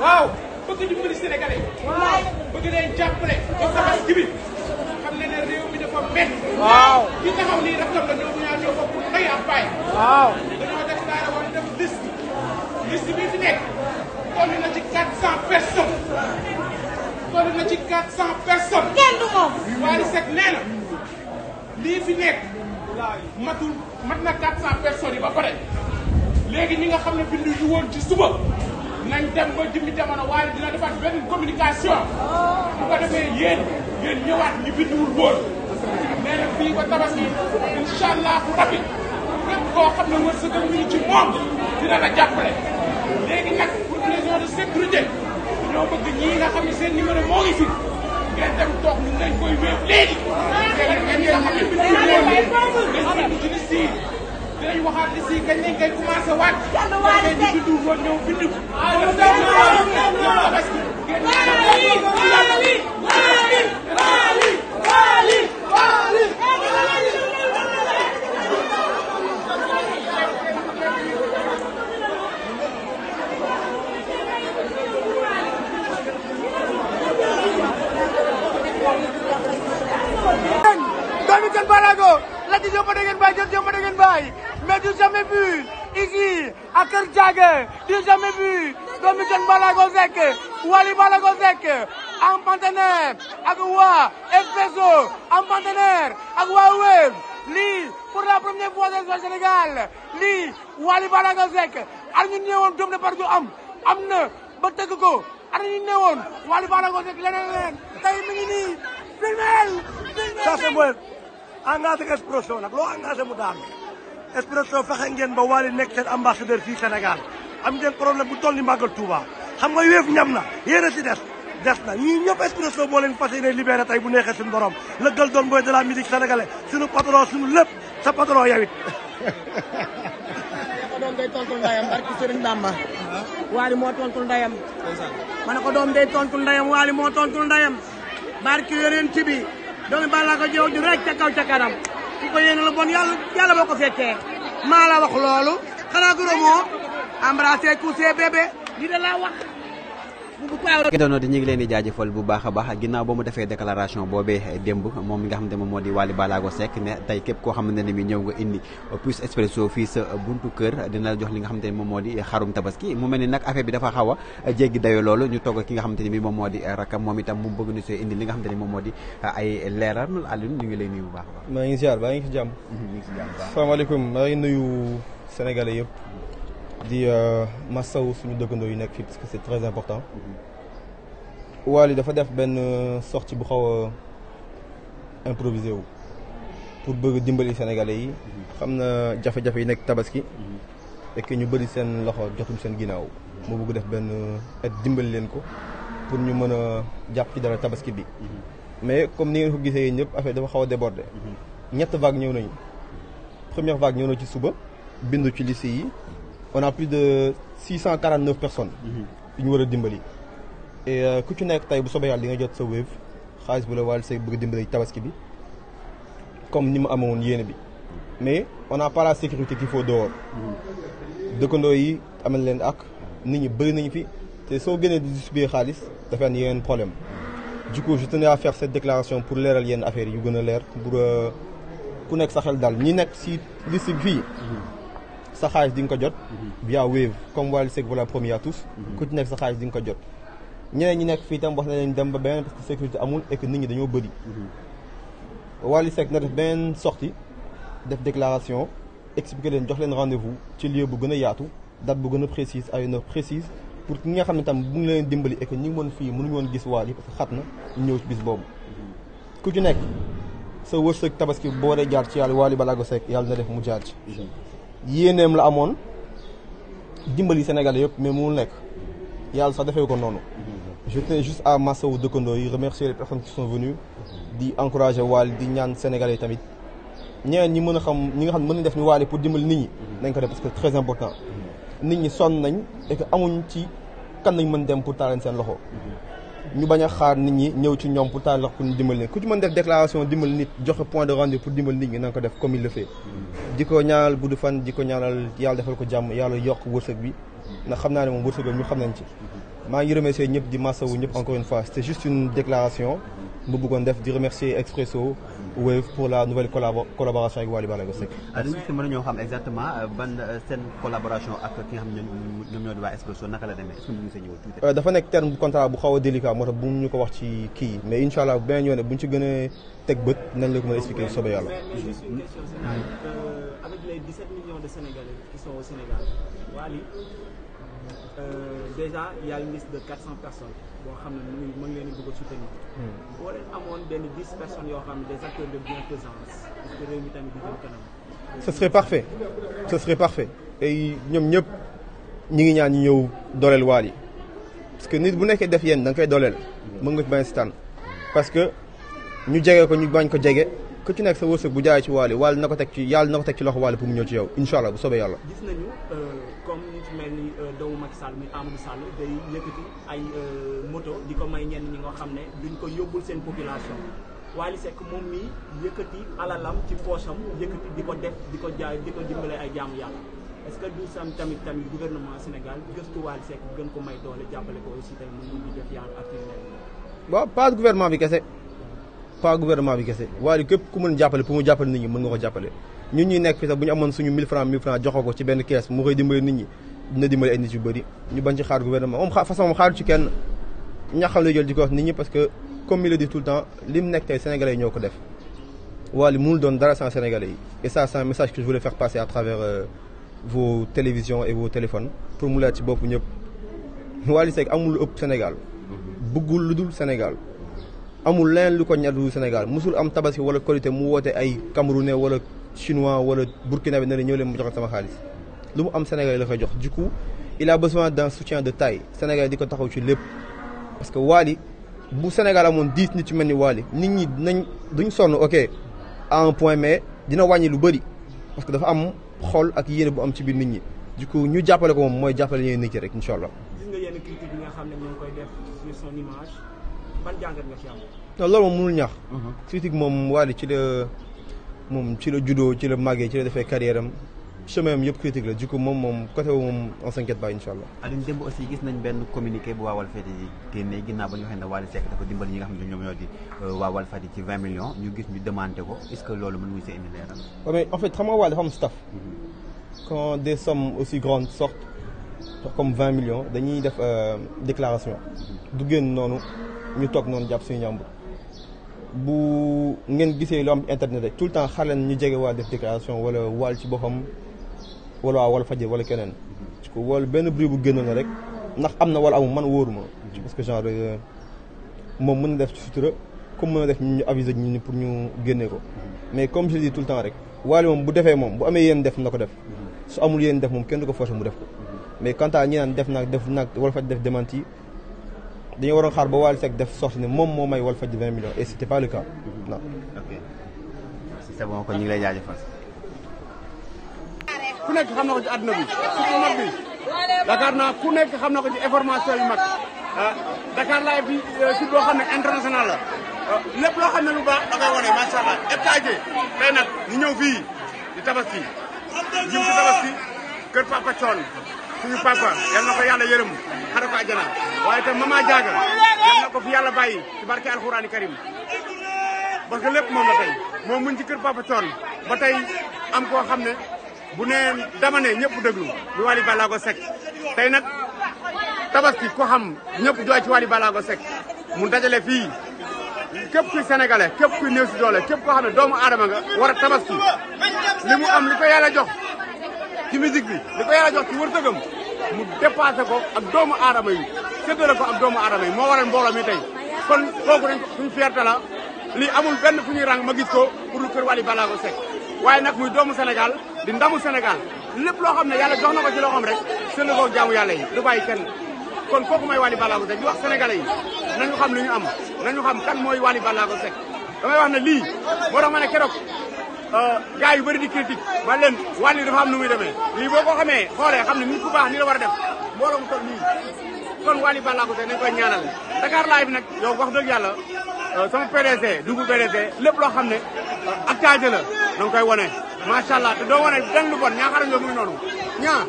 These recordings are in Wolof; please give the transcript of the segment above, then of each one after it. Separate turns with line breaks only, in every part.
waaw bëgg dimbali Sénégalais. waaw bëgg leen jàppale. ba saxal ji bi xam ne ne réew mi dafa mel. waaw ki taxaw nii rafetlu na ñoom ñaar ñoo bokk ndey ak baay. waaw dañoo def daara war a def liste. liste bi fi nekk toll na ci 400 personnes. toll na ci 400 personnes. kenn du moom. Wally Seck nee na lii fi nekk matul mat na 400 personnes yi ba pare léegi ñi nga xam ne bindu ñu woon ci suba. nañ dem ba jëmmi jamono waaye dina defaat benn communication bu ko defee yéen yéen ñëwaat ñu binduwul woon nee na fii ba tabaski incha allah rabbi képp koo xam ne wërsëgal ñu ci moom dina la jàppale léegi nag pour raison de sécurité ñoo bëgg ñii moo ngi fi ngeen dem toog ñu dañ koy wéeb léegi ngeen nga xam ne binduwul woon dañ
Michael Balago, la décision de Genbaï, la décision de Genbaï. Mais du jamais vu, ici, à Kertjage, du jamais vu, de Michael Balago Zek, Wali Balago Zek, en partenaire, avec Wa, FPSO, en partenaire, avec Huawei. lii pour la première fois de Sénégal lii Wally Ballago Seck ar ñu néewoon doom de partout am am na ba tëgg ko ar ñu néewoon Wally leneen leneen tey mi ngi nii filmeel engagé ko Expresso nag loo engagé mu daal Expresso fexe ba Wally nekk seen ambassadeur fii Sénégal am ngeen problème bu toll ni màggal Touba xam nga Wave ñam na yéen a si des des na ñii ñëpp Expresso moo leen fas tey bu neexee suñu borom la gël doon booy de la musique sénégalaise suñu patron suñu sa patron yow it. ma ne ko doom day tontu ndayam barki Serigne Bamba. Wally moo ci bi. doomi Balla ko jooju rek ca kaw ca kanam ki ko yéene lu bon yàlla yàlla boo ko fekkee maa la wax loolu xanaa gërëmoo embrassé coussé bébé li wax internet
yi ñu ngi leen di jaajëfal bu baax a baax ginnaaw ba mu defee déclaration boobee démb moom mi nga xamante moom moo di Wally Ballago Seck ne tey képp koo xamante ne mi ñëw nga indi plus expresso fii sa buntu kër dina la jox moom moo di xarum tabaski mu mel ni nag affaire bi dafa xaw a jéggi dayo loolu ñu togg ki nga xamante ne mi moom moo di rakam moom itam mu bëgg ni soo indi li nga xamante ne moom moo di ay leeral Alioune ñu ngi lay nuyu bu baax a baax maa ngi ziar baa yëpp di euh, masawu suñu dëkkandoo yu nekk fii parce que c'est très important mhm. Wally dafa def benn euh, sortie bu xaw a euh, improvisé wu pour bëgg dimbali sénégalais yi mhm. xam na jafe-jafe yi nekk tabaski fekk mhm. ñu bëri seen loxo jotuñ seen ginnaaw moo bëgg def benn et dimbali leen ko pour ñu mën a jàpp ci dara tabaski bi mais comme ni ngeen ko gisee yéen ñëpp affaire dafa xaw a débordé ñett vague ñëw nañu première vague ñëw na ci suba bindu ci lycée yi on a plus de 649 personnes. Mhm. yu ñu war a dimbali. et euh, ku ci nekk tey bu soobee yàlla di nga jot sa wave xaalis bu la wàll say bëgg dimbali tabaski bi comme ni mu amoon yéene bi. mais on n'a pas la sécurité qu'il faut dehors.
Mhm.
dëkkandoo yi amal leen ak nit ñi bëri nañu fi te soo gënee di distribuer xaalis dafa am yeneen problème. du coup je tenais à faire cette déclaration pour leeral yenn affaires yu gën a leer pour euh, ku nekk sa xel daal ñi nekk si liste bi fii. Mhm. sa xaalis di nga ko jot. Mhm. via Wave comme Wally Seck voilà premier à tous. Mhm. ku ci nekk sa xaalis di nga ko jot. ñeneen ñi nekk fii tam wax na leen dem ba benn parce que sécurité amul et que nit ñi dañoo bëri. Mhm. Wally na def beneen sortie def déclaration expliquer leen jox leen rendez-vous ci lieu bu gën a yaatu dat bu gën a précise à une heure pour ki nga xam ne tam bu ngi leen dimbali et que ñi ngi woon fii mënuñu woon gis Wally parce que xat na ñu ñëw bis boobu. ku ci nekk sa wërsëg tabaski boo dee jaar ci yàlla Wally Balago Seck yàlla na def mu jaar ci. yéeneem la amoon dimbali Sénégalais yëpp mais mu nekk yàlla sax defee ko noonu. Mhm. je tenais juste à Massawu dëkkandoo yi remercier les personnes qui sont venues di encourager Wally di ñaan Sénégalais tamit ñeneen ñi mën a xam ñi nga xam mën nañu def ni Wally pour dimbali nit ñi. Mhm. nañ ko def parce que c'est très important. Mhm. nit ñi sonn nañ et amuñ ci kan nañ mën dem pour taaleen seen loxo. ñu bañ a xaar nit ñi ñëw ci ñoom pour tànn pour ñu dimbali leen ku ci mën def déclaration dimbal nit joxe point de rendez-vous pour dimbal nit ñi na ko def comme il fait. di ko ñaanal gudd fan di ko ñaanal yàlla defal ko jàmm yàlla yokk wërsëg bi ndax xam naa ne moom wërsëg bi ñu xam nañ ci. maa ngi remercier ñëpp di masawu ñëpp encore une fois c'est juste une déclaration. mu bëggoon def di remercier Expresso Wave pour la nouvelle collaboration ak Wally Ballago Seck. Euh, ñoo xam exactement euh, ban euh, seen collaboration ak ki demee est-ce que ñu ngi ñëw dafa nekk terme bu bu xaw a délicat moo tax bu ñu ko wax ci kii mais incha allah bu beneen yoon bu ñu ci gën a teg bët nañ la ko mën expliquer bu yàlla.
avec les 17 de Sénégalais qui sont au Sénégal Wally euh, déjà il y a une liste xam ne mu di bëgg a soutenir. Hmm. boo leen yoo xam ne des acteurs de bienfaisance parce que réew mi tamit
parfait ce serait parfait et ñoom ñëpp ñi ngi ñaan ñu ñëw dooleel Wally parce que nit bu nekkee def yéen da nga koy dooleel mën nga bañ si tànn parce que ñu jege ko ñu bañ ko jege. ku ci nekk sa wërsëg bu jaay ci waali waali na ko teg ci yàlla na ko teg ci loxo waali pour mu ñëw ci yow incha allah bu soobee yàlla.
gis nañu euh, comme mel ni euh, doomu Macky Sall mi Amadou Sall day yëkkati ay euh, moto di ko may ñenn ñi nga xam ne duñ ko yóbbul seen population. Wally sekk moom mi yëkkati alalam ci poosam yëkkati di ko def di ko jaay di ko dimbale ay jaamu yàlla est-ce que du sam tamit tamit gouvernement Sénégal gëstu Wally Seck gën ko may doole jàppale ko aussi tamit mu ngi
def pas gouvernement bi kese waaye képp ku mën jàppale pour mu jàppale nit ñi mën nga ko jàppale ñun ñuy nekk fi sax bu ñu amoon suñu 1000 francs 1000 francs joxo ko ci benn kees mu koy dimbali nit ñi dina dimbali ay nit yu bëri ñu bañ ci xaar gouvernement moom façon moom xaaru ci kenn ñaxam lay jël di ko nit ñi parce que comme il le dit tout temps li mu nekk tey sénégalais yi ñoo ko def Wally mënul doon dara sans sénégalais yi et ça c'est message que je voulais faire passer à travers euh, vos télévisions pour mu leer ci bopp ñëpp Wally Seck amul lu ëpp Sénégal mm-hmm. lu dul Sénégal amul leneen lu ko ñor du Sénégal musul am tabaski wala korité mu woote ay camerounais wala chinois wala burkinabé ne la ñëw leen mu jox sama xaalis lu mu am Sénégal la koy jox du coup il a besoin d'un soutien de taille Sénégal di ko taxaw ci lépp parce que Wally bu Sénégal amoon dix nit ci mel ni Wally nit ñi dinañ duñ sonn ok à un point mais dina wàññi lu bëri parce que dafa am xol ak yéene bu am ci biir nit ñi du ñu jàppale ko moom mooy jàppale ñooy nit ñi rek incha allah.
gis ban jàngat nga ci am.
non loolu moom mënul ñaax. Mhm. critique moom Wally ci la moom ci la juddoo ci la màggee ci la defee carrière am chemin am yëpp critique la du moom moom côté woo moom on s'inquiète pas incha gis nañ benn communiqué bu waa Walfadjri yi génnee ba ñu waxee ne Wally Seck dafa dimbali ñi nga xam ne ñoom ñoo di euh, waa Walfadjri ci 20 millions demandé ko est que loolu mën nga see indi leeral. waaw mais en fait xam nga Wally dafa mhm. comme 20 millions dañuy def euh, déclaration. Mhm. du génn noonu. ñu toog noonu jàpp suñu njàmbur bu ngeen gisee lu am internet rek tout le temps xale ñu jege waa def déclaration wala waal ci boppam wala waa wala fajar wala keneen. parce que wala benn bruit bu génn na rek ndax am na wala amul man wóoruma. parce que genre euh, moom mën na def ci sutura comme mën na def ñu aviser ñu ni pour ñu génne ko. mais comme je dis tout temps rek waale moom bu defee moom bu amee yéen def na ko def. su amul yéen def moom kenn du ko forcer mu def ko. def naag def naag wala faj def démenti dañu waroon xaar ba Wally Seck def sorti ne moom moo may Walfadjri 20 millions et c' était pas le cas non.
lay jaajëfal. ku nekk xam na ko ci àdduna bi surtout mag bi Dakar naa ku nekk xam na ko ci information yu mag ah Dakar laay bi euh, site xam ne international la ah, lépp loo xam ne lu baax da koy wane macha allah étage tey nag ñu ñëw fii di tabaski ñu ngi tabaski kër Papa Thione suñu papa yal na ko yàlla yërëm xare ko àjjana waaye itam ma jaaga yal na ko fi yàlla bàyyi ci barke alxuraani karim ba que lépp moom la moom muñ ci kër papa toon ba tey am koo xam ne bu nee dama ñëpp déglu di Wally Ballago Seck tey nag tabaski ko xam ñëpp jooy ci Wally Ballago Seck mu dajale fii képp kuy sénégalais képp kuy néew si doole képp koo xam ne doomu aadama nga war a tabaski li mu am li ko yàlla jox ci musique bi li ko yàlla jox ci wërsëgam mu dépassé ko ak doomu aadama yi séddale ko ak doomu aadama yi moo waral mbooloo mi tey kon kooku dañ suñu fierté la li amul benn fu ñu rang ma gis ko pour lu kër Wally Ballago Seck waaye nag muy doomu Sénégal di ndamu Sénégal lépp loo xam ne yalla jox na ko ci loxoom rek seen jaamu yàlla yi du bàyyi kenn kon kooku mooy Wally Ballago Seck di wax sénégalais yi nañu xam li ñu am nañu xam kan mooy Wally Ballago Seck damay wax ne lii moo tax ma ne keroog Euh, gars yu bëri di critique man leen wàllu dafa am nu muy demee lii boo ko xamee xoolee xam ne nit ku war a def mbooloo mu toll nii kon Wally Ballago Seck nañ koy ñaanal Dakar Live nag yow wax dëgg yàlla euh, sama PDC dugg PDC lépp loo xam ne euh, ak taaje la danga koy wane macha allah doo wane benn lu bon ñaaxaral nga muy noonu ñaa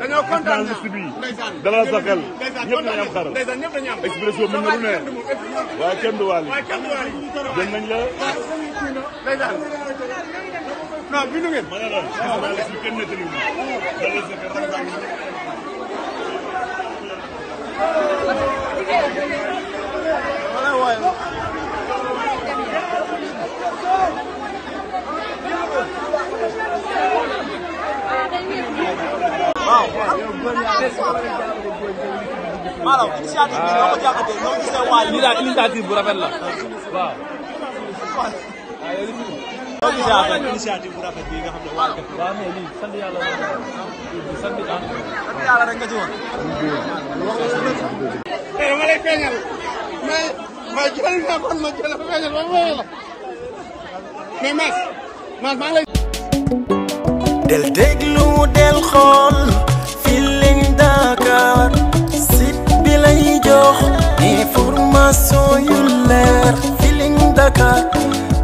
dañoo kontaan ndeysaan dalal sa xel ñëpp nañ am xaral expression mën na lu ne waaye non bindu ngeen. ma ne la
journaliste bi kenn nettali
waaw maanaam initiative bi ñoo ko jàppatee ñoo
gisee waa lii daal initiative bu la initiative bu rafet bi nga xam ne waa def waaw mais lii sant yàlla sant yàlla rek nga ci woon
dama lay feeñal mais ma jël naa kon ma jël feeñal ba ma la mais mas mas maa ngi lay
del déglu del xool Feeling Dakar site bi lay jox information yu leer Feeling Dakar